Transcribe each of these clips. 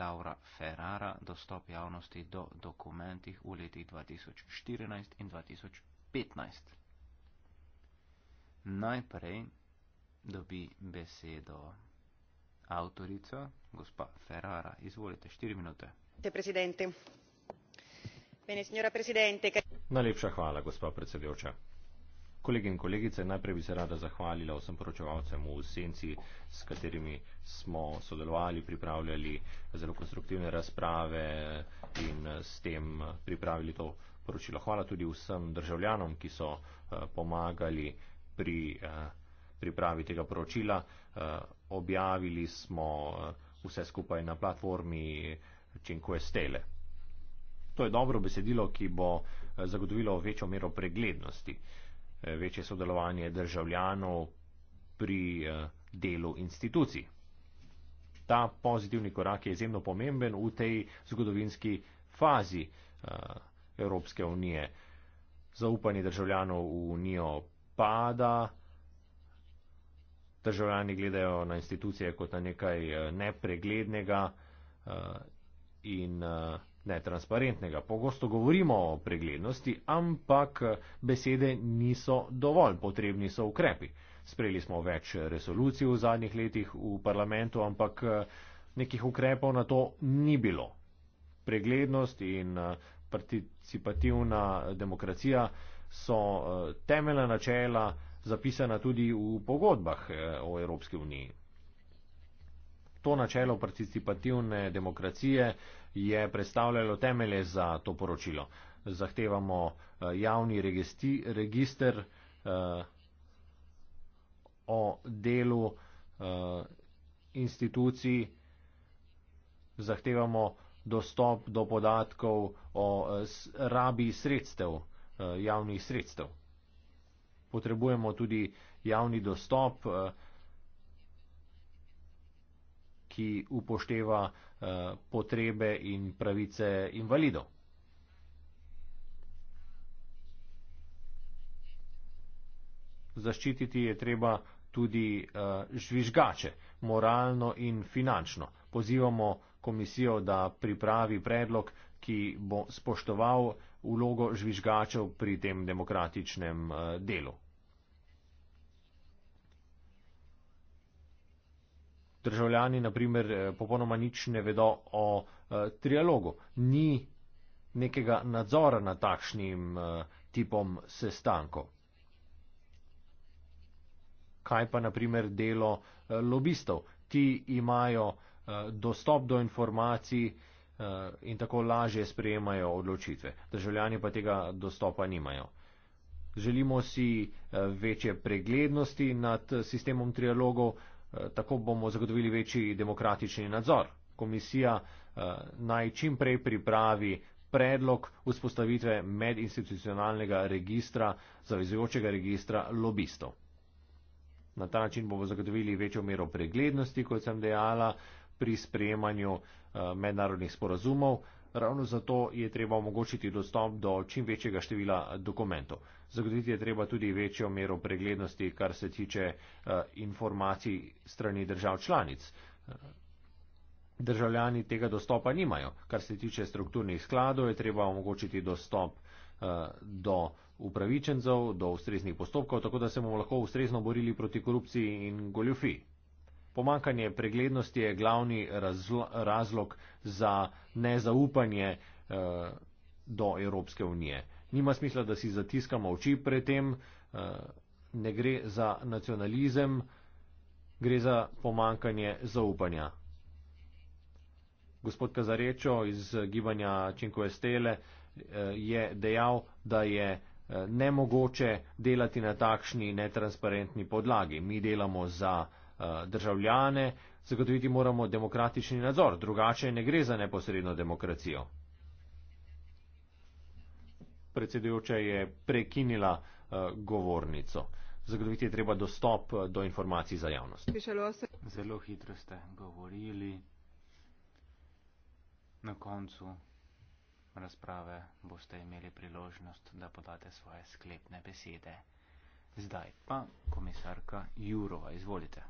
Laura Ferrara dostop javnosti do dokumentih v letih 2014 in 2015. Najprej dobi besedo avtorica, gospa Ferrara. Izvolite, štiri minute. Bene, Najlepša hvala, gospa predsedujoča. Kolegi in kolegice, najprej bi se rada zahvalila vsem poročevalcem v senci, s katerimi smo sodelovali, pripravljali zelo konstruktivne razprave in s tem pripravili to poročilo. Hvala tudi vsem državljanom, ki so eh, pomagali pri eh, pripravi tega poročila. Eh, objavili smo vse skupaj na platformi Činkuje Stele. To je dobro besedilo, ki bo zagotovilo večjo mero preglednosti. Uh, Eh, večje sodelovanje državljanov pri eh, delu institucij. Ta pozitivni korak je izjemno pomemben v tej zgodovinski fazi eh, Evropske unije. Zaupanje državljanov v unijo pada, državljani gledajo na institucije kot na nekaj nepreglednega in netransparentnega. Pogosto govorimo o preglednosti, ampak besede niso dovolj, potrebni so ukrepi. Sprejeli smo več resolucij v zadnjih letih v parlamentu, ampak nekih ukrepov na to ni bilo. Preglednost in participativna demokracija so temeljna načela zapisana tudi v pogodbah eh, o Evropski uniji. To načelo participativne demokracije je predstavljalo temelje za to poročilo. Zahtevamo eh, javni registi, register eh, o delu eh, institucij, zahtevamo dostop do podatkov o eh, rabi sredstev, eh, javnih sredstev. Potrebujemo tudi javni dostop. Eh, ki upošteva eh, potrebe in pravice invalidov. Zaščititi je treba tudi eh, žvižgače, moralno in finančno. Pozivamo komisijo, da pripravi predlog, ki bo spoštoval vlogo žvižgačev pri tem demokratičnem eh, delu. državljani naprimer eh, popolnoma nič ne vedo o eh, trialogu. Ni nekega nadzora nad takšnim eh, tipom sestankov. Kaj pa naprimer delo lobistov? Ti imajo dostop do informacij in tako lažje sprejemajo odločitve. Državljani pa tega dostopa nimajo. Želimo si večje preglednosti nad sistemom trialogov, Eh, tako bomo zagotovili večji demokratični nadzor. Komisija eh, naj čim prej pripravi predlog vzpostavitve medinstitucionalnega registra, zavezujočega registra lobistov. Na ta način bomo zagotovili večjo mero preglednosti, kot sem dejala, pri sprejemanju eh, mednarodnih sporazumov, Ravno zato je treba omogočiti dostop do čim večjega števila dokumentov. Zagotoviti je treba tudi večjo mero preglednosti, kar se tiče eh, informacij strani držav članic. Eh, državljani tega dostopa nimajo. Kar se tiče strukturnih skladov, je treba omogočiti dostop eh, do upravičencev, do ustreznih postopkov, tako da se bomo lahko ustrezno borili proti korupciji in goljufiji. Pomankanje preglednosti je glavni razlo, razlog za nezaupanje eh, do Evropske unije. Nima smisla, da si zatiskamo oči pred tem, eh, ne gre za nacionalizem, gre za pomankanje zaupanja. Gospod Kazarečo iz eh, gibanja Činkove stele eh, je dejal, da je eh, nemogoče delati na takšni netransparentni podlagi. Mi delamo za. Eh, državljane, zagotoviti moramo demokratični nadzor, drugače ne gre za neposredno demokracijo. Predsedujoča je prekinila uh, govornico. Zagotoviti je treba dostop eh, do informacij za javnost. Zelo hitro ste govorili na koncu razprave boste imeli priložnost, da podate svoje sklepne besede. Zdaj pa komisarka Jurova, izvolite.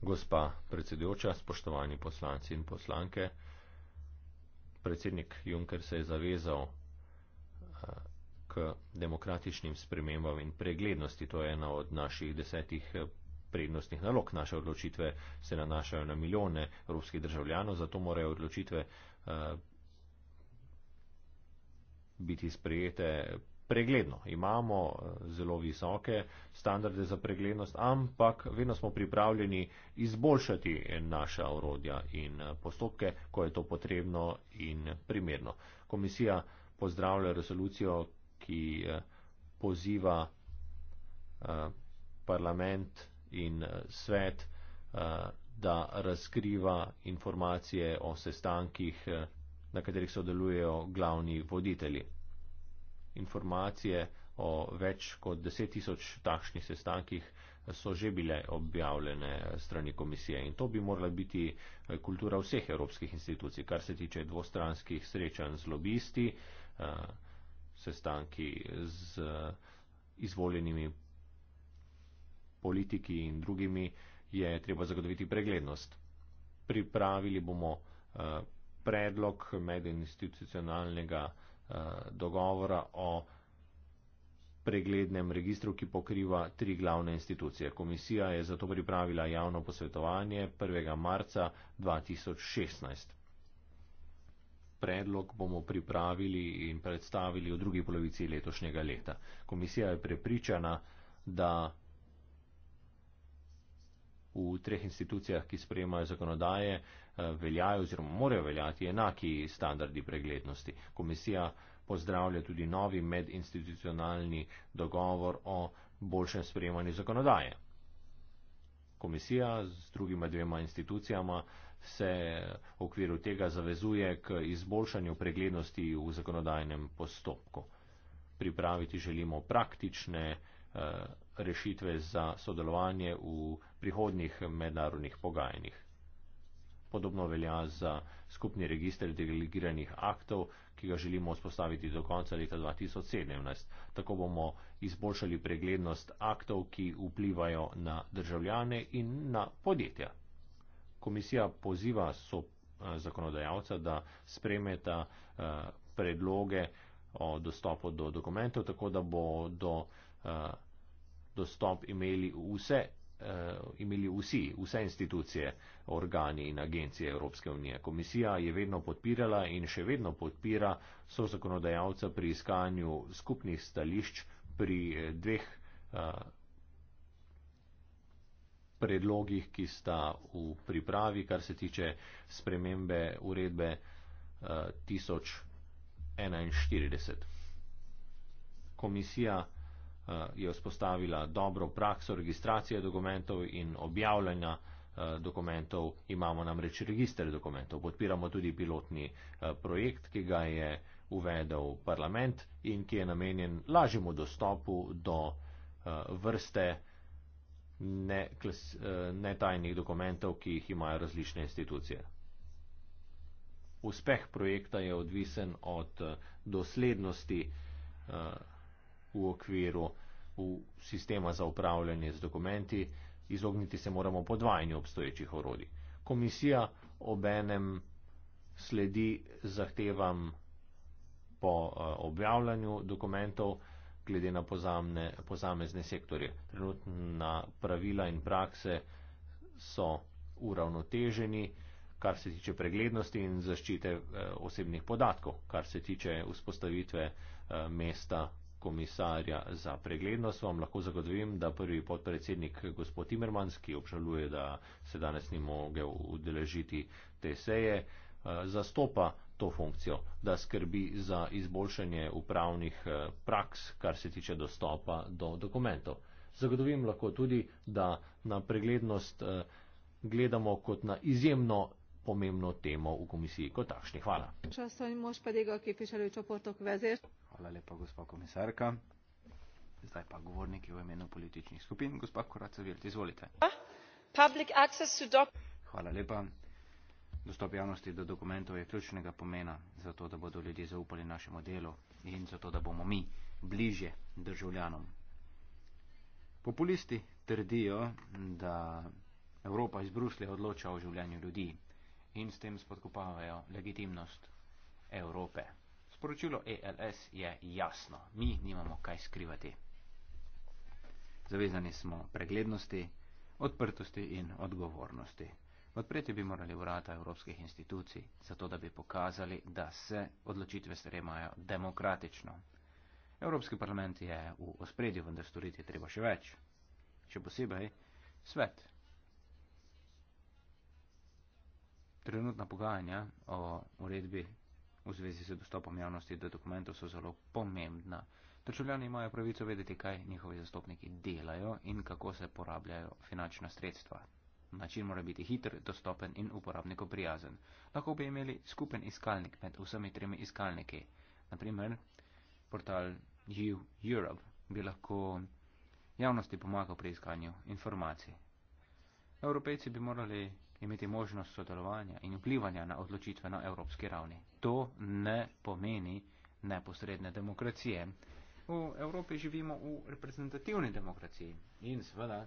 Gospa predsedujoča, spoštovani poslanci in poslanke, predsednik Juncker se je zavezal eh, k demokratičnim spremembam in preglednosti. To je ena od naših desetih eh, prednostnih nalog. Naše odločitve se nanašajo na milijone evropskih državljanov, zato morajo odločitve eh, biti sprejete pregledno. Imamo eh, zelo visoke standarde za preglednost, ampak vedno smo pripravljeni izboljšati naša orodja in eh, postopke, ko je to potrebno in primerno. Komisija pozdravlja rezolucijo, ki eh, poziva parlament in svet, da razkriva informacije o sestankih, na katerih sodelujejo glavni voditelji informacije o več kot deset tisoč takšnih sestankih so že bile objavljene strani komisije in to bi morala biti eh, kultura vseh evropskih institucij, kar se tiče dvostranskih srečanj z lobisti, eh, sestanki z eh, izvoljenimi politiki in drugimi, je treba zagotoviti preglednost. Pripravili bomo predlog medinstitucionalnega institucionalnega Eh, dogovora o preglednem registru, ki pokriva tri glavne institucije. Komisija je zato pripravila javno posvetovanje 1. marca 2016. Predlog bomo pripravili in predstavili v drugi polovici letošnjega leta. Komisija je prepričana, da v treh institucijah, ki sprejemajo zakonodaje, eh, veljajo oziroma morajo veljati enaki standardi preglednosti. Komisija pozdravlja tudi novi medinstitucionalni dogovor o boljšem sprejemanju zakonodaje. Komisija z drugima dvema institucijama se v okviru tega zavezuje k izboljšanju preglednosti v zakonodajnem postopku. Pripraviti želimo praktične eh, rešitve za sodelovanje v prihodnih mednarodnih pogajanjih. Podobno velja za skupni registr delegiranih aktov, ki ga želimo vzpostaviti do konca leta 2017. Tako bomo izboljšali preglednost aktov, ki vplivajo na državljane in na podjetja. Komisija poziva so eh, zakonodajalca, da spremeta eh, predloge o dostopu do dokumentov, tako da bo do eh, dostop imeli, vse, uh, imeli vsi, vse institucije, organi in agencije Evropske unije. Komisija je vedno podpirala in še vedno podpira so zakonodajalca pri iskanju skupnih stališč pri eh, dveh uh, predlogih, ki sta v pripravi, kar se tiče spremembe uredbe uh, 1041. Komisija Eh, je vzpostavila dobro prakso registracije dokumentov in objavljanja eh, dokumentov. Imamo namreč registr dokumentov. Podpiramo tudi pilotni eh, projekt, ki ga je uvedel parlament in ki je namenjen lažjemu dostopu do vrste netajnih dokumentov, ki jih imajo različne institucije. Uspeh projekta je odvisen od doslednosti v okviru v sistema za upravljanje z dokumenti, izogniti se moramo podvajanju obstoječih orodij. Komisija obenem sledi zahtevam po eh, objavljanju dokumentov glede na pozamne, pozamezne sektorje. Trenutna pravila in prakse so uravnoteženi, kar se tiče preglednosti in zaščite eh, osebnih podatkov, kar se tiče vzpostavitve eh, mesta komisarja za preglednost. Vam lahko zagotovim, da prvi podpredsednik gospod Timmermans, ki obžaluje, da se danes ni mogel udeležiti te seje, eh, zastopa to funkcijo, da skrbi za izboljšanje upravnih eh, praks, kar se tiče dostopa do dokumentov. Zagotovim lahko tudi, da na preglednost eh, gledamo kot na izjemno pomembno temo v komisiji kot takšni. Hvala. Hvala lepa, gospa komisarka. Zdaj pa govorniki v imenu političnih skupin. Gospa Koracevjelt, izvolite. Hvala lepa. Dostop javnosti do dokumentov je ključnega pomena za to, da bodo ljudje zaupali našemu delu in za to, da bomo mi bliže državljanom. Populisti trdijo, da Evropa iz Bruslja odloča o življenju ljudi in s tem spodkopavajo legitimnost Evrope. Sporočilo ELS je jasno. Mi nimamo kaj skrivati. Zavezani smo preglednosti, odprtosti in odgovornosti. Odpreti bi morali vrata evropskih institucij, zato da bi pokazali, da se odločitve sprejemajo demokratično. Evropski parlament je v ospredju, vendar storiti je treba še več. Še posebej svet. Trenutna pogajanja o uredbi v zvezi z dostopom javnosti do dokumentov so zelo pomembna. Državljani imajo pravico vedeti, kaj njihovi zastopniki delajo in kako se porabljajo finančna sredstva. Način mora biti hiter, dostopen in uporabniku prijazen. Lahko bi imeli skupen iskalnik med vsemi tremi iskalniki. Naprimer, portal EU Europe bi lahko javnosti pomagal pri iskanju informacij. Evropejci bi morali imeti možnost sodelovanja in vplivanja na odločitve na evropski ravni. To ne pomeni neposredne demokracije. V Evropi živimo v reprezentativni demokraciji in seveda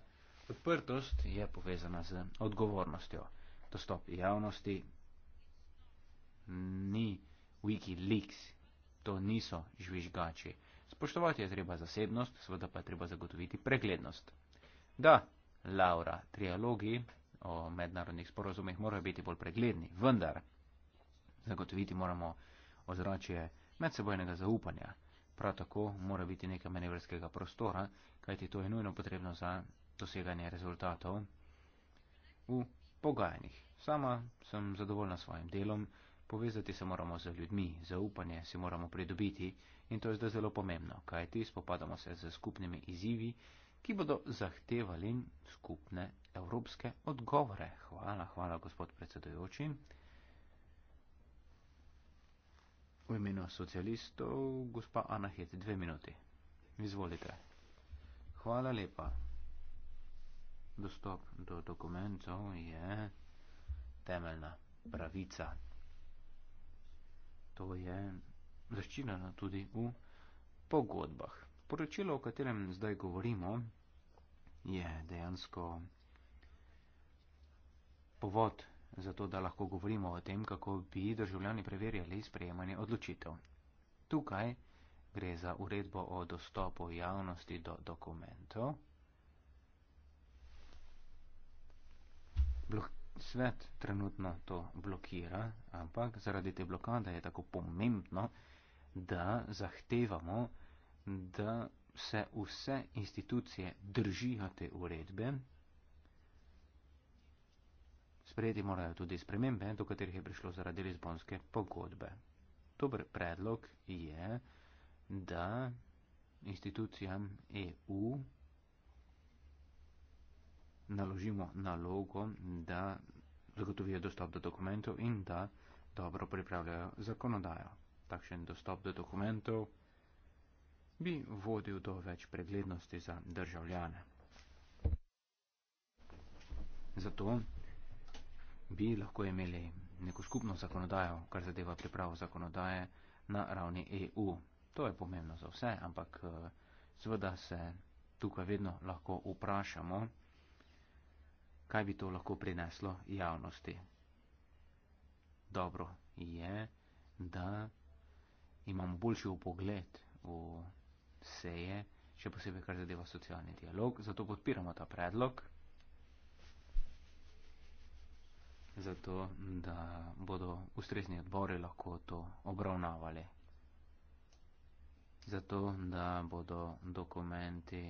odprtost je povezana z odgovornostjo. Dostop javnosti ni Wikileaks, to niso žvižgači. Spoštovati je treba zasebnost, seveda pa je treba zagotoviti preglednost. Da, Laura, trialogi o mednarodnih sporozumih morajo biti bolj pregledni, vendar zagotoviti moramo ozračje medsebojnega zaupanja. Prav tako mora biti nekaj manevrskega prostora, kajti to je nujno potrebno za doseganje rezultatov v pogajanjih. Sama sem zadovoljna s svojim delom, povezati se moramo z ljudmi, zaupanje si moramo pridobiti in to je zdaj zelo pomembno, kajti spopadamo se z skupnimi izzivi, ki bodo zahtevali skupne evropske odgovore. Hvala, hvala, gospod predsedujoči. V imenu socialistov, gospa Anahet, dve minuti. Izvolite. Hvala lepa. Dostop do dokumentov je temeljna pravica. To je zaščiteno tudi v pogodbah. Poročilo, o katerem zdaj govorimo, je dejansko povod za to, da lahko govorimo o tem, kako bi državljani preverjali sprejemanje odločitev. Tukaj gre za uredbo o dostopu javnosti do dokumentov. Blok Svet trenutno to blokira, ampak zaradi te blokade je tako pomembno, da zahtevamo, da se vse institucije držijo te uredbe. Sprejeti morajo tudi spremembe, do katerih je prišlo zaradi Lizbonske pogodbe. Dober predlog je, da institucijam EU naložimo nalogo, da zagotovijo dostop do dokumentov in da dobro pripravljajo zakonodajo. Takšen dostop do dokumentov bi vodil do več preglednosti za državljane. Zato bi lahko imeli neko skupno zakonodajo, kar zadeva pripravo zakonodaje na ravni EU. To je pomembno za vse, ampak eh, seveda se tukaj vedno lahko vprašamo, kaj bi to lahko prineslo javnosti. Dobro je, da imamo boljši upogled v seje, še posebej kar zadeva socialni dialog, zato podpiramo ta predlog, zato da bodo ustrezni odbori lahko to obravnavali, zato da bodo dokumenti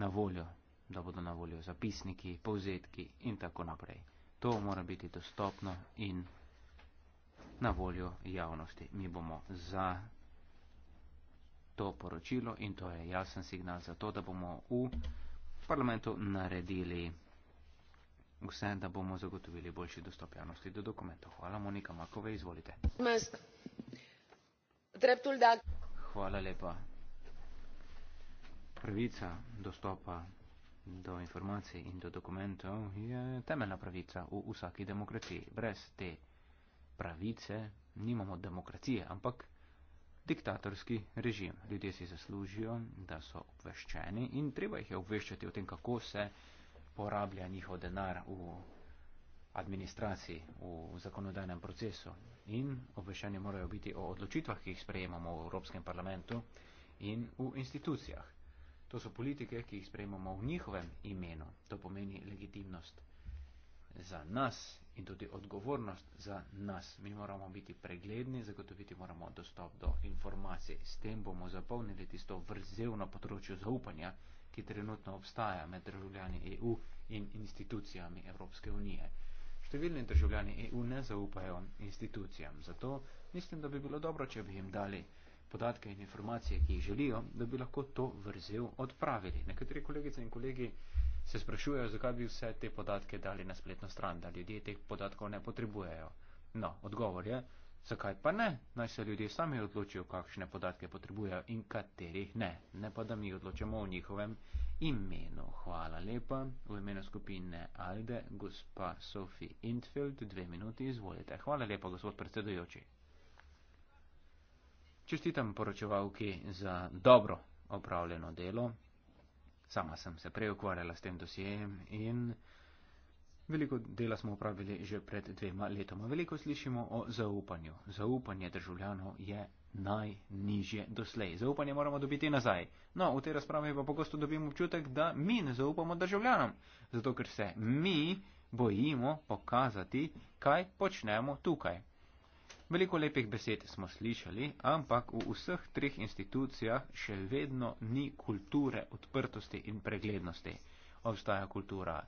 na voljo, da bodo na voljo zapisniki, povzetki in tako naprej. To mora biti dostopno in na voljo javnosti. Mi bomo za to poročilo in to je jasen signal za to, da bomo v parlamentu naredili vse, da bomo zagotovili boljši dostop javnosti do dokumentov. Hvala, Monika Makove, izvolite. Hvala lepa. Pravica dostopa do informacij in do dokumentov je temeljna pravica v vsaki demokraciji. Brez te pravice nimamo demokracije, ampak diktatorski režim. Ljudje si zaslužijo, da so obveščeni in treba jih je obveščati o tem, kako se porablja njihov denar v administraciji, v zakonodajnem procesu. In obveščeni morajo biti o odločitvah, ki jih sprejemamo v Evropskem parlamentu in v institucijah. To so politike, ki jih sprejemamo v njihovem imenu. To pomeni legitimnost za nas in tudi odgovornost za nas. Mi moramo biti pregledni, zagotoviti moramo dostop do informacij. S tem bomo zapolnili tisto vrzelno področje zaupanja, ki trenutno obstaja med državljani EU in institucijami Evropske unije. Številni državljani EU ne zaupajo institucijam, zato mislim, da bi bilo dobro, če bi jim dali podatke in informacije, ki jih želijo, da bi lahko to vrzel odpravili. Nekateri kolegice in kolegi se sprašujejo, zakaj bi vse te podatke dali na spletno stran, da ljudje teh podatkov ne potrebujejo. No, odgovor je, zakaj pa ne, naj se ljudje sami odločijo, kakšne podatke potrebujejo in katerih ne, ne pa da mi odločamo v njihovem imenu. Hvala lepa, v imenu skupine Alde, gospa Sophie Intfield, dve minuti izvolite. Hvala lepa, gospod predsedujoči. Čestitam poročevalki za dobro opravljeno delo. Sama sem se prej ukvarjala s tem dosjejem in veliko dela smo upravili že pred dvema letoma. Veliko slišimo o zaupanju. Zaupanje državljanov je najnižje doslej. Zaupanje moramo dobiti nazaj. No, v tej razpravi pa pogosto dobim občutek, da mi ne zaupamo državljanom. Zato, ker se mi bojimo pokazati, kaj počnemo tukaj. Veliko lepih besed smo slišali, ampak v vseh treh institucijah še vedno ni kulture odprtosti in preglednosti. Obstaja kultura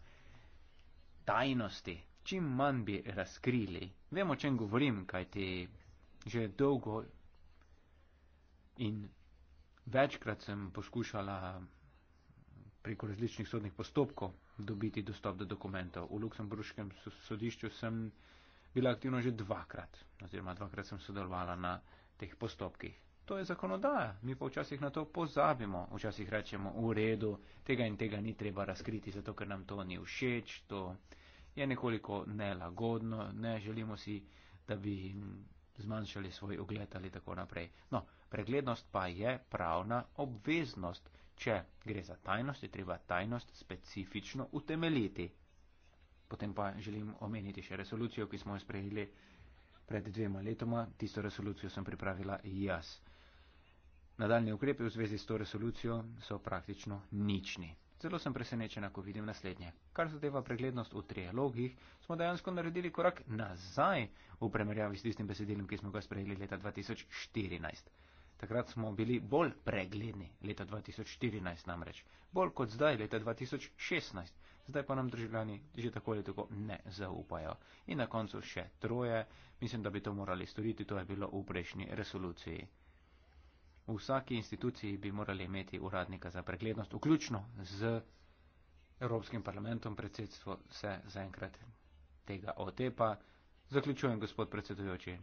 tajnosti, čim manj bi razkrili. Vemo, o čem govorim, kajti že dolgo in večkrat sem poskušala preko različnih sodnih postopkov dobiti dostop do dokumentov. V Luksemburškem sodišču sem bila aktivna že dvakrat, oziroma dvakrat sem sodelovala na teh postopkih. To je zakonodaja, mi pa včasih na to pozabimo, včasih rečemo v redu, tega in tega ni treba razkriti, zato ker nam to ni všeč, to je nekoliko nelagodno, ne želimo si, da bi zmanjšali svoj ugled ali tako naprej. No, preglednost pa je pravna obveznost. Če gre za tajnost, je treba tajnost specifično utemeljiti. Potem pa želim omeniti še resolucijo, ki smo jo sprejeli pred dvema letoma. Tisto resolucijo sem pripravila jaz. Nadaljne ukrepe v zvezi s to resolucijo so praktično nični. Zelo sem presenečena, ko vidim naslednje. Kar zadeva preglednost v trialogih, smo dejansko naredili korak nazaj v primerjavi s tistim besedilom, ki smo ga sprejeli leta 2014. Takrat smo bili bolj pregledni, leta 2014 namreč, bolj kot zdaj, leta 2016 zdaj pa nam državljani že tako ali tako ne zaupajo. In na koncu še troje, mislim, da bi to morali storiti, to je bilo v prejšnji resoluciji. V vsaki instituciji bi morali imeti uradnika za preglednost, vključno z Evropskim parlamentom, predsedstvo se zaenkrat tega otepa. Zaključujem, gospod predsedujoči.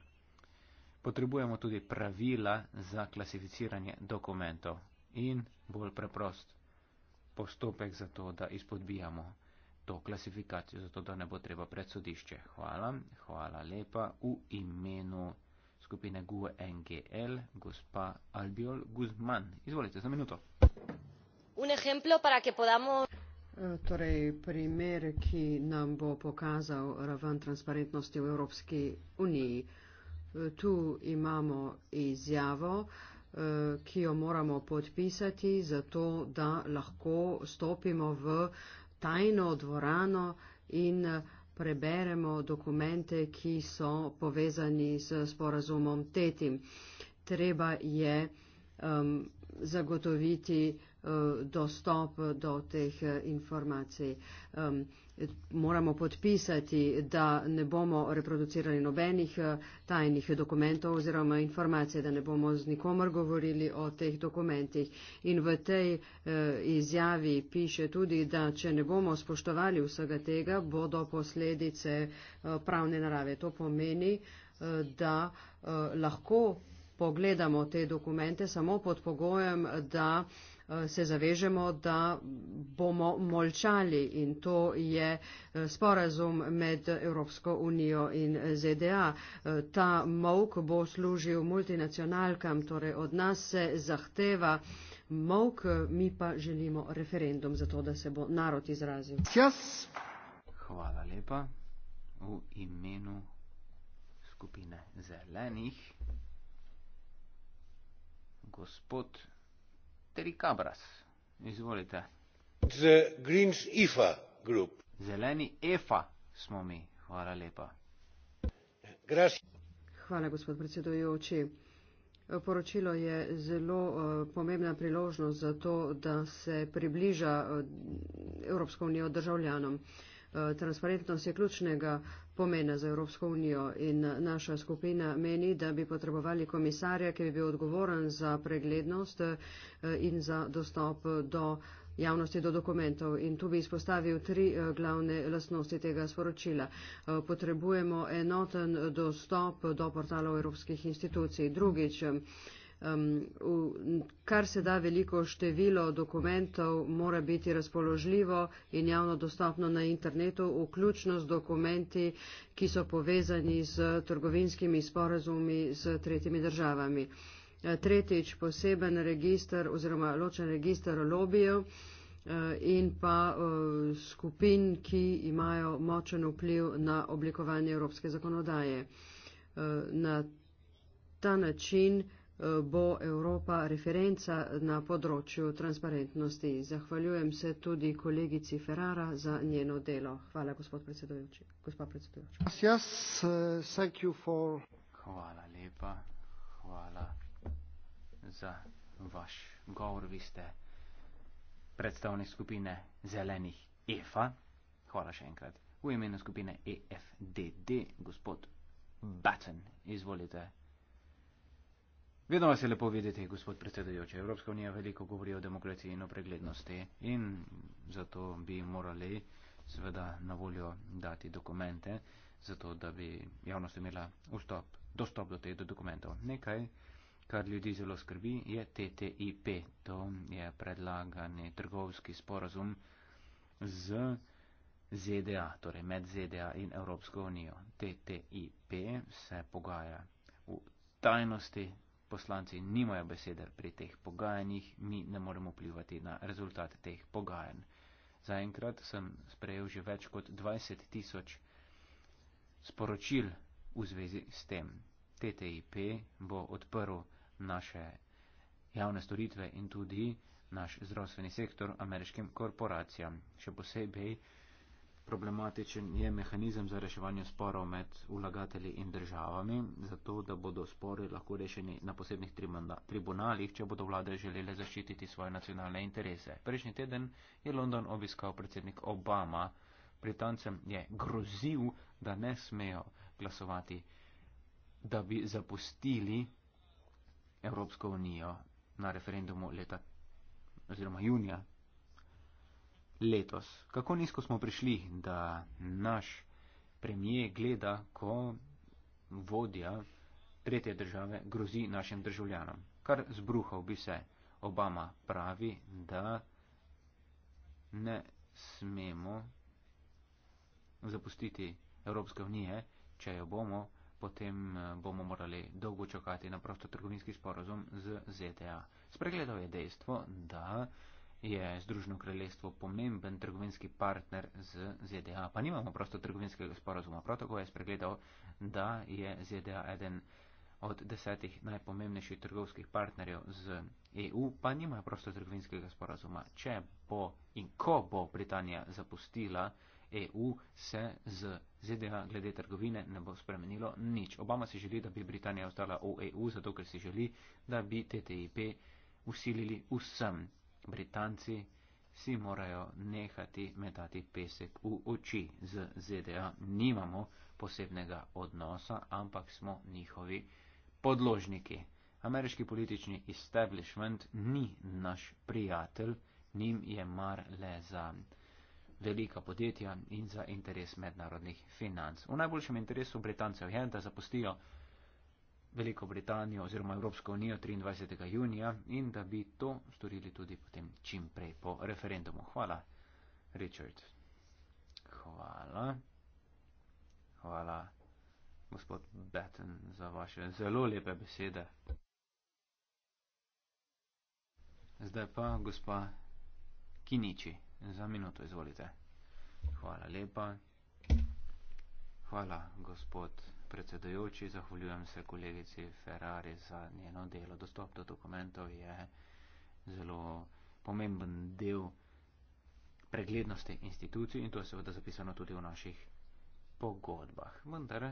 Potrebujemo tudi pravila za klasificiranje dokumentov in bolj preprosto postopek za to, da izpodbijamo to klasifikacijo, zato da ne bo treba predsodišče. Hvala, hvala lepa v imenu skupine GUE NGL, gospa Albiol Guzman. Izvolite za minuto. Un ejemplo, para que podamos. E, torej, primer, ki nam bo pokazal raven transparentnosti v Evropski uniji. E, tu imamo izjavo. Uh, Eh, ki jo moramo podpisati, zato da lahko stopimo v tajno dvorano in eh, preberemo dokumente, ki so povezani s sporazumom TETIM. Treba je um, zagotoviti Eh, dostop do teh eh, informacij. Moramo podpisati, da ne bomo reproducirali nobenih eh, tajnih dokumentov oziroma informacij, da ne bomo z nikomor govorili o teh dokumentih. In v tej izjavi piše tudi, da če ne bomo spoštovali vsega tega, bodo posledice pravne narave. To pomeni, da lahko pogledamo te dokumente samo pod pogojem, da eh, se zavežemo, da bomo molčali in to je eh, sporazum med Evropsko unijo in eh, ZDA. Ta mok bo služil multinacionalkam, torej od nas se zahteva mok, mi pa želimo referendum za to, da se bo narod izrazil. Yes. Hvala lepa v imenu skupine zelenih gospod Trikabras. Izvolite. The Greens EFA Group. Zeleni EFA smo mi. Hvala lepa. Graš. Hvala, gospod predsedujoči. Poročilo je zelo eh, pomembna priložnost za to, da se približa eh, Evropsko unijo državljanom. Eh, transparentnost je ključnega uh, pomena za Evropsko unijo in naša skupina meni, da bi potrebovali komisarja, ki bi bil odgovoren za preglednost eh, in za dostop do javnosti do dokumentov. In tu bi izpostavil tri eh, glavne lastnosti tega sporočila. Eh, potrebujemo enoten dostop do portalov evropskih institucij. Drugič, um, v, kar se da veliko število dokumentov mora biti razpoložljivo in javno dostopno na internetu, vključno z dokumenti, ki so povezani z trgovinskimi sporazumi z tretjimi državami. E, tretjič, poseben registr oziroma ločen registr lobijev e, in pa e, skupin, ki imajo močen vpliv na oblikovanje evropske zakonodaje. Na ta način bo Evropa referenca na področju transparentnosti. Zahvaljujem se tudi kolegici Ferrara za njeno delo. Hvala, gospod predsedujoči. Gospod predsedujoči. Eh, yes, uh, for... Hvala lepa. Hvala za vaš govor. Vi ste predstavnik skupine zelenih EFA. Hvala še enkrat. V imenu skupine EFDD, gospod Batten, izvolite. Vedno vas je lepo videti, gospod predsedujoči. Evropska unija veliko govori o demokraciji in o preglednosti in zato bi morali seveda na voljo dati dokumente, zato da bi javnost imela vstop, dostop do teh dokumentov. Nekaj, kar ljudi zelo skrbi, je TTIP. To je predlagani trgovski sporazum z ZDA, torej med ZDA in Evropsko unijo. TTIP se pogaja v tajnosti, poslanci nimajo besede pri teh pogajanjih, mi ne moremo vplivati na rezultate teh pogajanj. Zaenkrat sem sprejel že več kot 20 tisoč sporočil v zvezi s tem. TTIP bo odprl naše javne storitve in tudi naš zdravstveni sektor ameriškim korporacijam, še posebej problematičen je mehanizem za reševanje sporov med vlagatelji in državami, zato da bodo spori lahko rešeni na posebnih tribunalih, če bodo vlade želele zaščititi svoje nacionalne interese. Prejšnji teden je London obiskal predsednik Obama. Britancem je grozil, da ne smejo glasovati, da bi zapustili Evropsko unijo na referendumu leta oziroma junija letos. Kako nizko smo prišli, da naš premije gleda, ko vodja tretje države grozi našim državljanom. Kar zbruhal bi se. Obama pravi, da ne smemo zapustiti Evropske unije, če jo bomo, potem eh, bomo morali dolgo čakati na prostotrgovinski sporozum z ZDA. Spregledal je dejstvo, da je Združeno kraljestvo pomemben trgovinski partner z ZDA. Pa nimamo prosto trgovinskega sporozuma. Prav tako je spregledal, da je ZDA eden od desetih najpomembnejših trgovskih partnerjev z EU, pa nima prosto trgovinskega sporozuma. Če bo in ko bo Britanija zapustila EU, se z ZDA glede trgovine ne bo spremenilo nič. Obama si želi, da bi Britanija ostala v EU, zato ker si želi, da bi TTIP usilili vsem Britanci si morajo nehati metati pesek v oči. Z ZDA nimamo posebnega odnosa, ampak smo njihovi podložniki. Ameriški politični establishment ni naš prijatelj, njim je mar le za velika podjetja in za interes mednarodnih financ. V najboljšem interesu Britancev je, da zapustijo Veliko Britanijo oziroma Evropsko unijo 23. junija in da bi to storili tudi potem čim prej po referendumu. Hvala, Richard. Hvala. Hvala, gospod Batten, za vaše zelo lepe besede. Zdaj pa, gospa Kiniči, za minuto izvolite. Hvala lepa. Hvala, gospod predsedojoči, zahvaljujem se kolegici Ferrari za njeno delo. Dostop do dokumentov je zelo pomemben del preglednosti institucij in to je seveda zapisano tudi v naših pogodbah. Vendar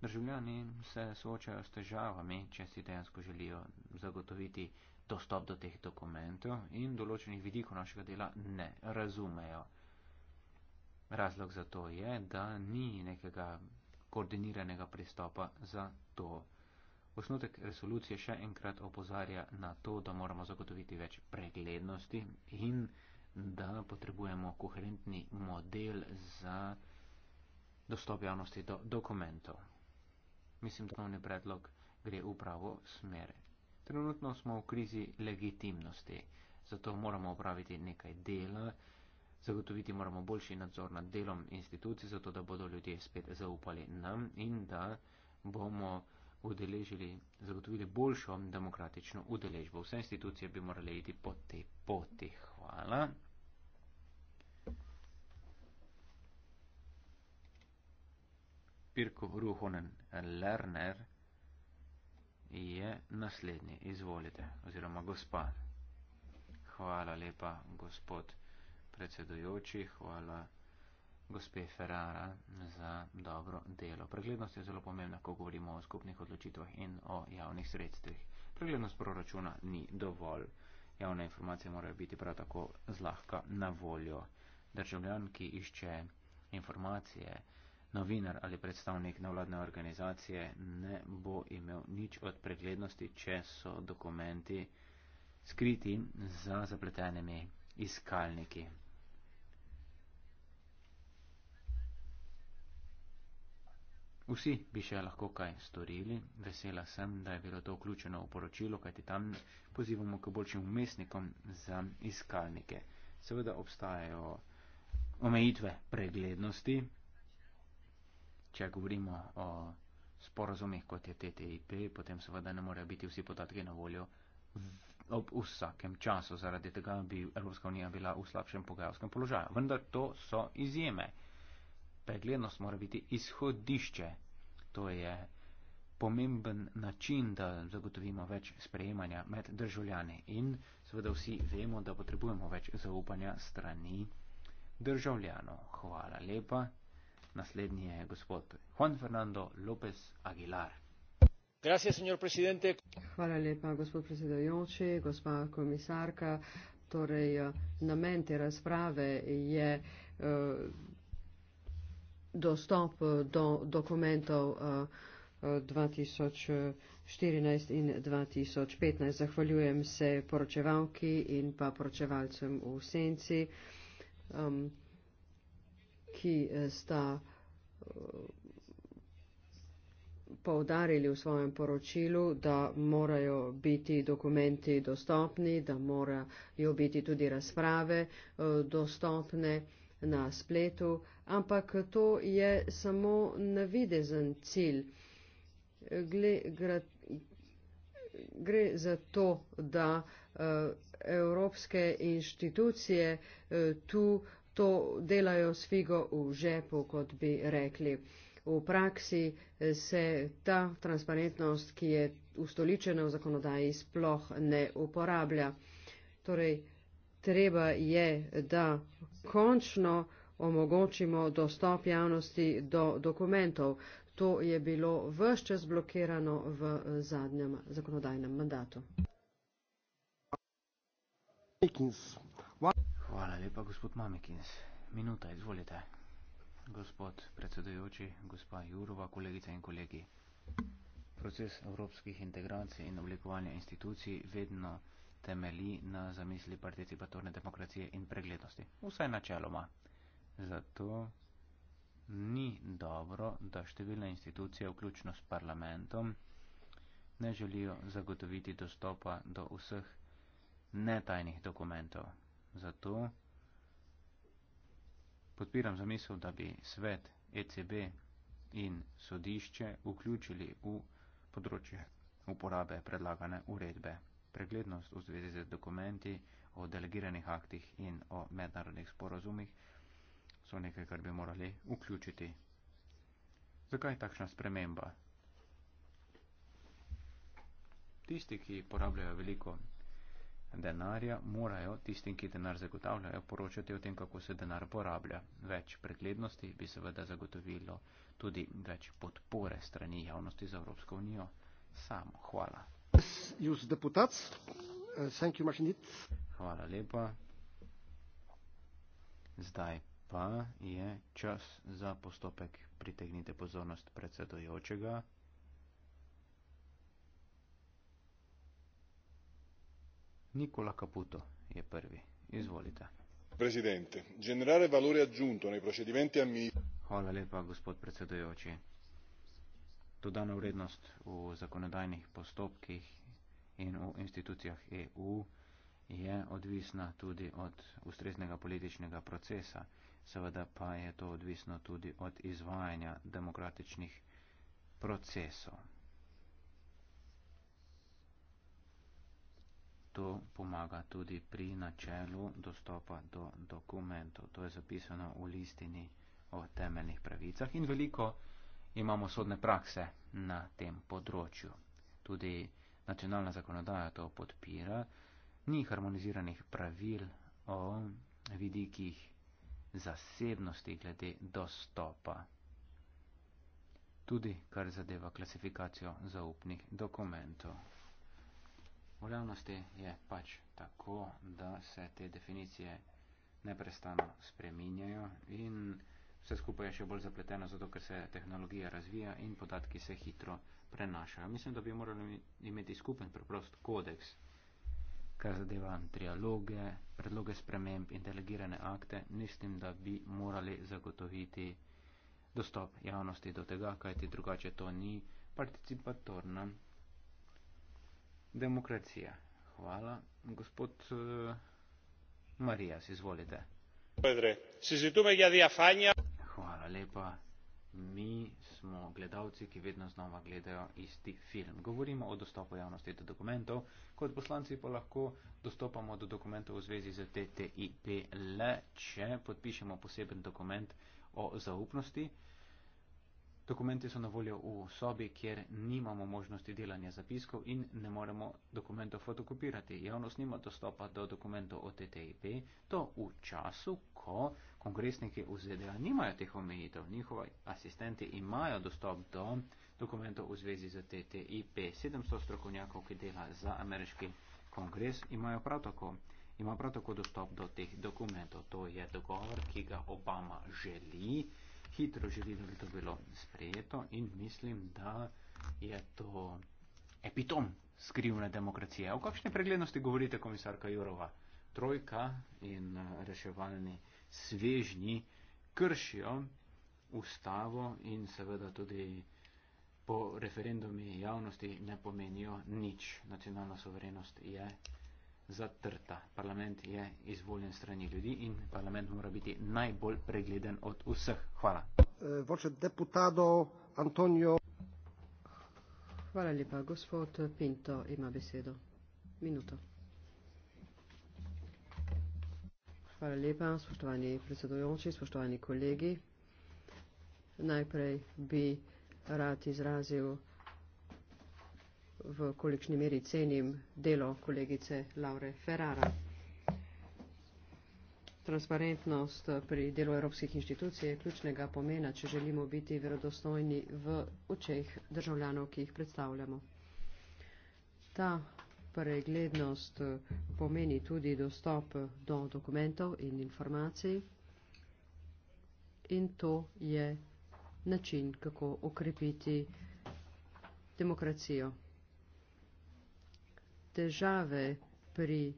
državljani se soočajo s težavami, če si dejansko želijo zagotoviti dostop do teh dokumentov in določenih vidikov našega dela ne razumejo. Razlog za to je, da ni nekega koordiniranega pristopa za to. Osnutek resolucije še enkrat opozarja na to, da moramo zagotoviti več preglednosti in da potrebujemo koherentni model za dostop javnosti do dokumentov. Mislim, da novni predlog gre v pravo smer. Trenutno smo v krizi legitimnosti, zato moramo opraviti nekaj dela. Zagotoviti moramo boljši nadzor nad delom institucij, zato da bodo ljudje spet zaupali nam in da bomo zagotovili boljšo demokratično udeležbo. Vse institucije bi morale iti po tej poti. Hvala. Pirko Ruhonen Lerner je naslednji. Izvolite, oziroma gospa. Hvala lepa, gospod predsedujoči, hvala gospe Ferrara za dobro delo. Preglednost je zelo pomembna, ko govorimo o skupnih odločitvah in o javnih sredstvih. Preglednost proračuna ni dovolj. Javne informacije morajo biti prav tako zlahka na voljo. Državljan, ki išče informacije, novinar ali predstavnik nevladne organizacije ne bo imel nič od preglednosti, če so dokumenti skriti za zapletenimi iskalniki. Vsi bi še lahko kaj storili. Vesela sem, da je bilo to vključeno v poročilo, kajti tam pozivamo k boljšim umestnikom za iskalnike. Seveda obstajajo omejitve preglednosti, če govorimo o sporozumih kot je TTIP, potem seveda ne morejo biti vsi podatki na voljo ob vsakem času, zaradi tega bi Evropska unija bila v slabšem pogajalskem položaju. Vendar to so izjeme. Preglednost mora biti izhodišče. To je pomemben način, da zagotovimo več sprejemanja med državljani. In seveda vsi vemo, da potrebujemo več zaupanja strani državljanov. Hvala lepa. Naslednji je gospod Juan Fernando López Aguilar. Gracias, Hvala lepa, gospod predsedojoči, gospa komisarka. Torej, namen te razprave je. Uh, dostop eh, do dokumentov 2014 eh, eh, in 2015. Zahvaljujem se poročevalki in pa poročevalcem v senci, ki sta poudarili v svojem poročilu, da morajo biti dokumenti dostopni, da morajo biti tudi razprave dostopne na spletu, ampak to je samo navidezen cilj. Gle, gra, gre za to, da uh, evropske inštitucije uh, tu to delajo s figo v žepu, kot bi rekli. V praksi eh, se ta transparentnost, ki je ustoličena v zakonodaji, sploh ne uporablja. Torej, treba je, da končno omogočimo dostop javnosti do dokumentov. To je bilo vščas blokirano v zadnjem zakonodajnem mandatu. Hvala lepa, gospod Mamikins. Minuta, izvolite. Gospod predsedujoči, gospa Jurova, kolegice in kolegi. Proces evropskih integracij in oblikovanja institucij vedno temeli na zamisli participatorne demokracije in preglednosti. Vsaj načeloma. Zato ni dobro, da številne institucije, vključno s parlamentom, ne želijo zagotoviti dostopa do vseh netajnih dokumentov. Zato podpiram zamisel, da bi svet ECB in sodišče vključili v področje uporabe predlagane uredbe preglednost v zvezi z dokumenti o delegiranih aktih in o mednarodnih sporozumih so nekaj, kar bi morali vključiti. Zakaj je takšna sprememba? Tisti, ki porabljajo veliko denarja, morajo tistim, ki denar zagotavljajo, poročati o tem, kako se denar porablja. Več preglednosti bi seveda zagotovilo tudi več podpore strani javnosti za Evropsko unijo. Samo hvala. Eh, Hvala lepa. Zdaj pa je čas za postopek. Pritegnite pozornost predsedojočega. Nikola Caputo je prvi. Izvolite. Hvala lepa, gospod predsedojoči dodano vrednost v zakonodajnih postopkih in v institucijah EU je odvisna tudi od ustreznega političnega procesa, seveda pa je to odvisno tudi od izvajanja demokratičnih procesov. To pomaga tudi pri načelu dostopa do dokumentov. To je zapisano v listini o temeljnih pravicah in veliko imamo sodne prakse na tem področju. Tudi nacionalna zakonodaja to podpira. Ni harmoniziranih pravil o vidikih zasebnosti glede dostopa. Tudi kar zadeva klasifikacijo zaupnih dokumentov. V javnosti je pač tako, da se te definicije neprestano spreminjajo in Vse skupaj je še bolj zapleteno, zato ker se tehnologija razvija in podatki se hitro prenašajo. Mislim, da bi morali imeti skupen preprost kodeks, kar zadeva trialoge, predloge sprememb in delegirane akte. Mislim, da bi morali zagotoviti dostop javnosti do tega, kajti drugače to ni participatorna demokracija. Hvala. Gospod uh, Marijas, izvolite. Pedro, si se tu me ya diafaña. Hvala lepa. Mi smo gledalci, ki vedno znova gledajo isti film. Govorimo o dostopu javnosti do dokumentov, kot poslanci pa lahko dostopamo do dokumentov v zvezi z TTIP le, če podpišemo poseben dokument o zaupnosti. Dokumenti so na voljo v sobi, kjer nimamo možnosti delanja zapiskov in ne moremo dokumentov fotokopirati. Javnost nima dostopa do dokumentov o TTIP, to v času, ko kongresniki v ZDA nimajo teh omejitev, njihovi asistenti imajo dostop do dokumentov v zvezi z TTIP. 700 strokovnjakov, ki dela za ameriški kongres, imajo prav tako, ima prav tako dostop do teh dokumentov. To je dogovor, ki ga Obama želi, hitro želi, da bi to bilo sprejeto in mislim, da je to epitom skrivne demokracije. O kakšne preglednosti govorite, komisarka Jurova? Trojka in eh, reševalni svežnji kršijo ustavo in seveda tudi po referendumi javnosti ne pomenijo nič. Nacionalna soverenost je zatrta. Parlament je izvoljen strani ljudi in parlament mora biti najbolj pregleden od vseh. Hvala. Voče deputado Antonio. Hvala lepa. Gospod Pinto ima besedo. Minuto. Hvala lepa, spoštovani predsedujoči, spoštovani kolegi. Najprej bi rad izrazil, v kolikšni meri cenim delo kolegice Laure Ferrara. Transparentnost pri delu evropskih inštitucij je ključnega pomena, če želimo biti verodostojni v očeh državljanov, ki jih predstavljamo. Ta Preglednost eh, pomeni tudi dostop do dokumentov in informacij in to je način, kako okrepiti demokracijo. Težave pri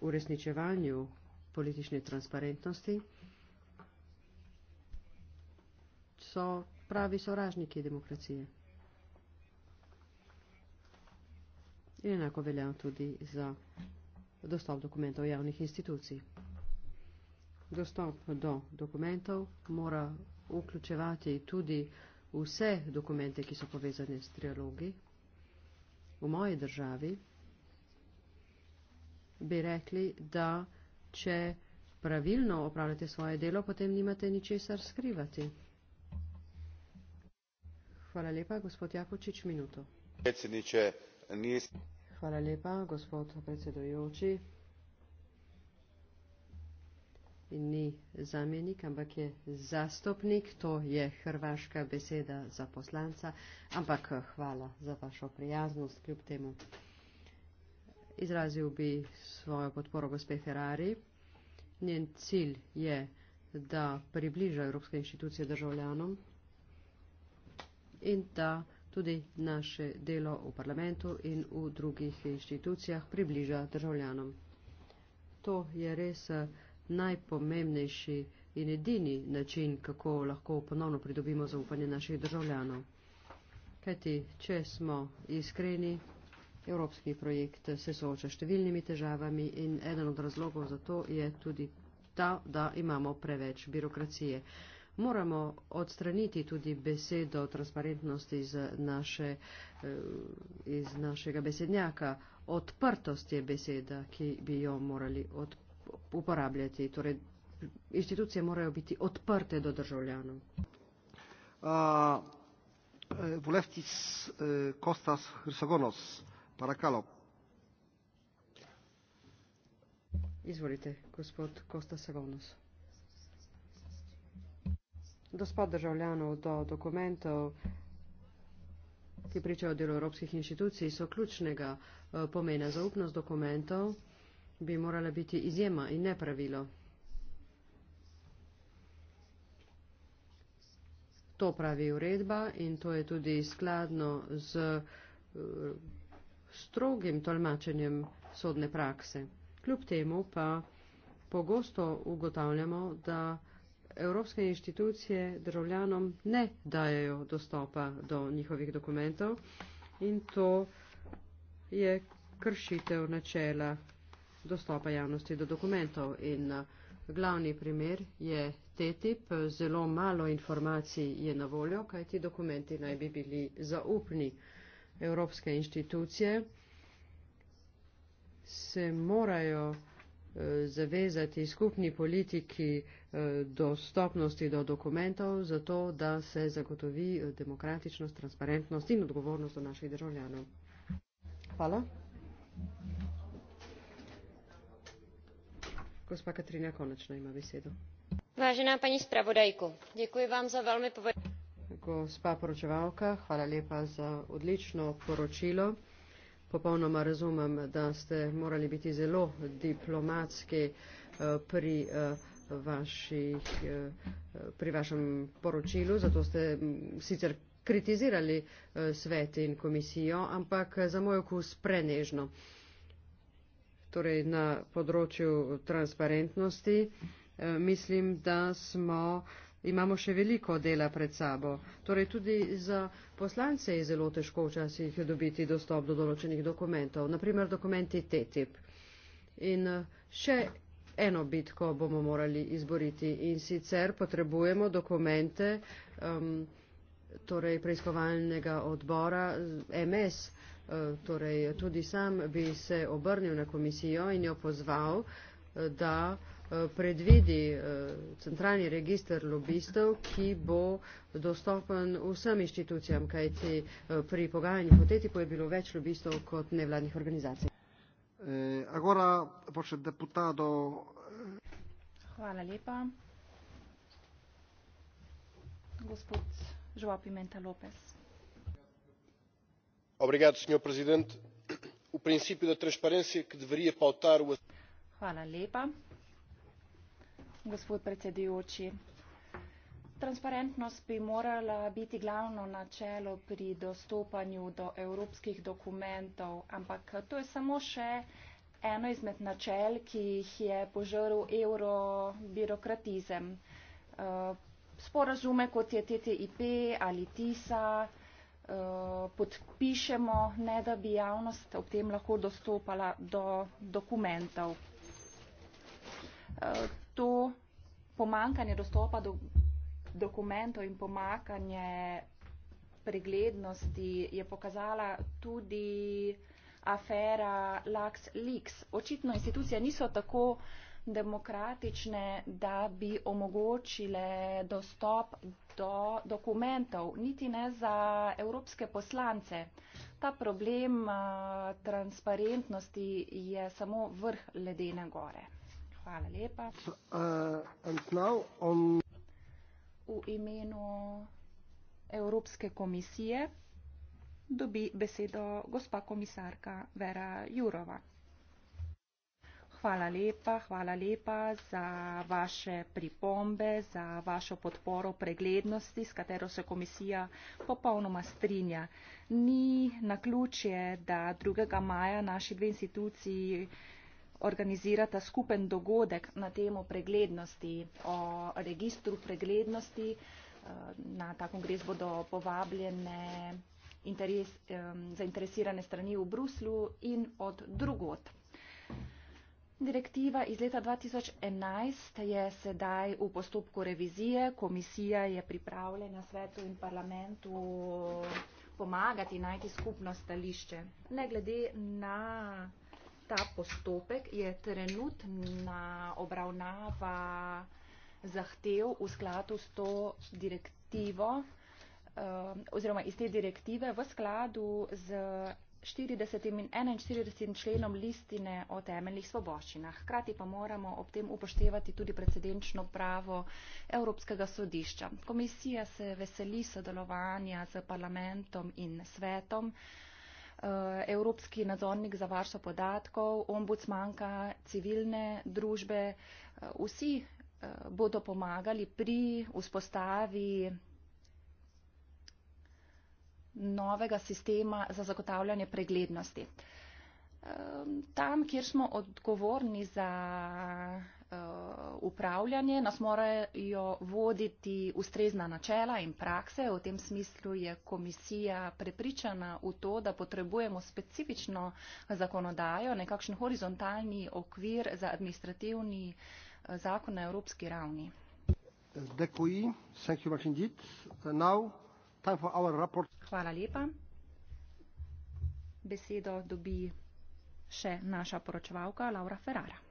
uresničevanju politične transparentnosti so pravi sovražniki demokracije. in enako velja tudi za dostop dokumentov javnih institucij. Dostop do dokumentov mora vključevati tudi vse dokumente, ki so povezane s trialogi. V moji državi bi rekli, da če pravilno opravljate svoje delo, potem nimate ničesar skrivati. Hvala lepa, gospod Jakočič, minuto. Predsedniče, nisem. Hvala lepa, gospod predsedujoči. In ni zamenik, ampak je zastopnik, to je hrvaška beseda za poslanca, ampak hvala za vašo prijaznost kljub temu. Izrazil bi svojo podporo gospe Ferrari. Njen cilj je, da približa evropske inštitucije državljanom in da tudi naše delo v parlamentu in v drugih inštitucijah približa državljanom. To je res eh, najpomembnejši in edini način, kako lahko ponovno pridobimo zaupanje naših državljanov. Kajti, če smo iskreni, evropski projekt se sooča številnimi težavami in eden od razlogov za to je tudi ta, da imamo preveč birokracije moramo odstraniti tudi besedo transparentnost iz, naše, eh, iz našega besednjaka. Odprtost je beseda, ki bi jo morali od, uporabljati. Torej, inštitucije morajo biti odprte do državljanov. Uh, Vuleftis uh, eh, Kostas Hrsagonos, Parakalo. Izvolite, gospod Kostas Hrsagonos do spod državljanov, do dokumentov, ki pričajo delo evropskih inštitucij, so ključnega eh, pomena. Zaupnost dokumentov bi morala biti izjema in ne pravilo. To pravi uredba in to je tudi skladno z eh, strogim tolmačenjem sodne prakse. Kljub temu pa pogosto ugotavljamo, da evropske inštitucije državljanom ne dajejo dostopa do njihovih dokumentov in to je kršitev načela dostopa javnosti do dokumentov. In uh, glavni primer je TTIP, zelo malo informacij je na voljo, kaj ti dokumenti naj bi bili zaupni. Evropske inštitucije se morajo zavezati skupni politiki eh, dostopnosti do dokumentov, zato da se zagotovi eh, demokratičnost, transparentnost in odgovornost do naših državljanov. Hvala. Gospa Katrina Konečna ima besedo. Vážená pani spravodajko, děkuji vám za velmi povedené. Gospa poročevalka, hvala lepa za odlično poročilo popolnoma razumem, da ste morali biti zelo diplomatski eh, pri, eh, vaših, eh, pri vašem poročilu, zato ste mm, sicer kritizirali svet in komisijo, ampak za moj okus prenežno. Torej na področju transparentnosti mislim, da smo uh, imamo še veliko dela pred sabo. Torej tudi za poslance je zelo težko včasih dobiti dostop do določenih dokumentov, naprimer dokumenti TTIP. In eh, še eno bitko bomo morali izboriti in sicer potrebujemo dokumente um, torej preiskovalnega odbora MS. Eh, torej, tudi sam bi se obrnil na komisijo in jo pozval, eh, da Eh, predvidi eh, centralni registr lobistov, ki bo dostopen vsem inštitucijam, kajti eh, pri pogajanjih o TTIP-u je bilo več lobistov kot nevladnih organizacij. Agora, počet deputado. Hvala lepa. Gospod Žoa Pimenta Lopez. Obrigado, senjor prezident. V principu, da transparencija, ki deverije pa otaru... Hvala lepa gospod predsedujoči. Transparentnost bi morala biti glavno načelo pri dostopanju do evropskih dokumentov, ampak to je samo še eno izmed načel, ki jih je požrl eurobirokratizem. Eh, sporazume kot je TTIP ali TISA eh, podpišemo, ne da bi javnost ob tem lahko dostopala do dokumentov. Eh, to pomankanje dostopa do dokumentov in pomankanje preglednosti je pokazala tudi afera Lux Leaks. Očitno institucije niso tako demokratične, da bi omogočile dostop do dokumentov, niti ne za evropske poslance. Ta problem uh, transparentnosti je samo vrh ledene gore. Hvala lepa. Uh, v imenu Evropske komisije dobi besedo gospa komisarka Vera Jurova. Hvala lepa, hvala lepa za vaše pripombe, za vašo podporo preglednosti, s katero se komisija popolnoma strinja. Ni na ključje, da 2. maja naši dve instituciji organizirata skupen dogodek na temo preglednosti, o registru preglednosti. Eh, na ta kongres bodo povabljene interes, zainteresirane strani v Bruslu in od drugot. Direktiva iz leta 2011 je sedaj v postopku revizije. Komisija je pripravljena svetu in parlamentu pomagati najti skupno stališče. Ne glede na ta postopek je trenutna obravnava zahtev v skladu s to direktivo eh, oziroma iz te direktive v skladu z 40. in 41. členom listine o temeljnih svoboščinah. Hkrati pa moramo ob tem upoštevati tudi precedenčno pravo Evropskega sodišča. Komisija se veseli sodelovanja z parlamentom in svetom. Eh, Evropski nadzornik za varstvo podatkov, ombudsmanka, civilne družbe, eh, vsi eh, bodo pomagali pri vzpostavi novega sistema za zagotavljanje preglednosti. Tam, kjer smo odgovorni za Eh, upravljanje, nas morajo voditi ustrezna načela in prakse. V tem smislu je komisija prepričana v to, da potrebujemo specifično zakonodajo, nekakšen horizontalni okvir za administrativni eh, zakon na evropski ravni. Hvala lepa. Besedo dobi še naša poročevalka Laura Ferrara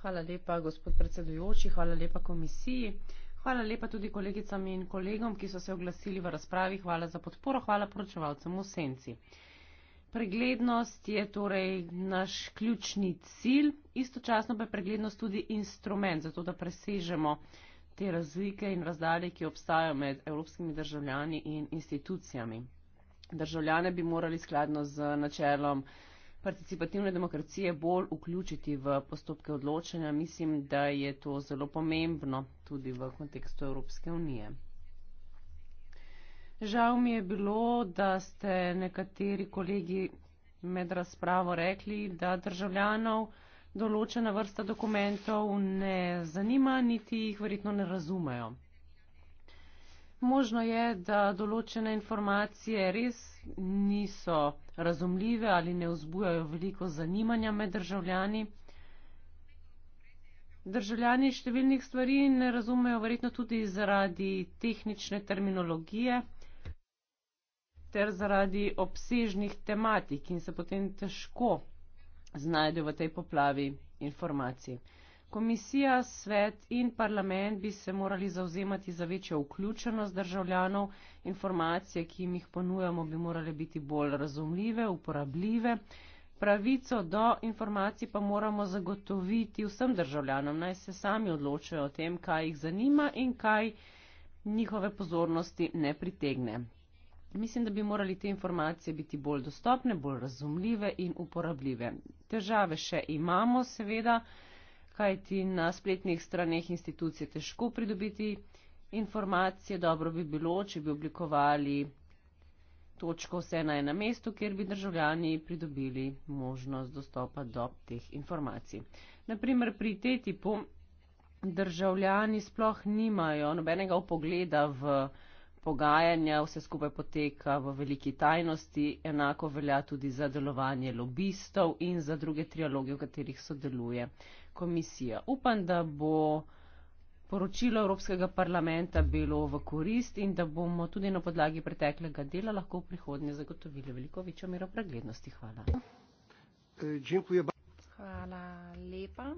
hvala lepa gospod predsedujoči hvala lepa komisiji hvala lepa tudi kolegicam in kolegom ki so se oglasili v razpravi hvala za podporo hvala poročevalcem v senci preglednost je torej naš ključni cilj istočasno pa je preglednost tudi instrument za to da presežemo te razlike in razdalje ki obstajajo med evropskimi državljani in institucijami državljane bi morali skladno z načelom participativne demokracije bolj vključiti v postopke odločanja. Mislim, da je to zelo pomembno tudi v kontekstu Evropske unije. Žal mi je bilo, da ste nekateri kolegi med razpravo rekli, da državljanov določena vrsta dokumentov ne zanima, niti jih verjetno ne razumejo. Možno je, da določene informacije res niso razumljive ali ne vzbujajo veliko zanimanja med državljani. Državljani številnih stvari ne razumejo verjetno tudi zaradi tehnične terminologije ter zaradi obsežnih tematik in se potem težko znajdejo v tej poplavi informacij. Komisija, svet in parlament bi se morali zauzemati za večjo vključenost državljanov, informacije, ki jim jih ponujamo, bi morale biti bolj razumljive, uporabljive. Pravico do informacij pa moramo zagotoviti vsem državljanom, naj se sami odločajo o tem, kaj jih zanima in kaj njihove pozornosti ne pritegne. Mislim, da bi morali te informacije biti bolj dostopne, bolj razumljive in uporabljive. Težave še imamo, seveda kaj ti na spletnih straneh institucije težko pridobiti informacije. Dobro bi bilo, če bi oblikovali točko vse na enem mestu, kjer bi državljani pridobili možnost dostopa do teh informacij. Naprimer, pri tej tipu državljani sploh nimajo nobenega upogleda v pogajanja, vse skupaj poteka v veliki tajnosti, enako velja tudi za delovanje lobistov in za druge trialoge, v katerih sodeluje komisija. Upam, da bo poročilo Evropskega parlamenta bilo v korist in da bomo tudi na podlagi preteklega dela lahko v prihodnje zagotovili veliko večjo mero preglednosti. Hvala. Hvala lepa.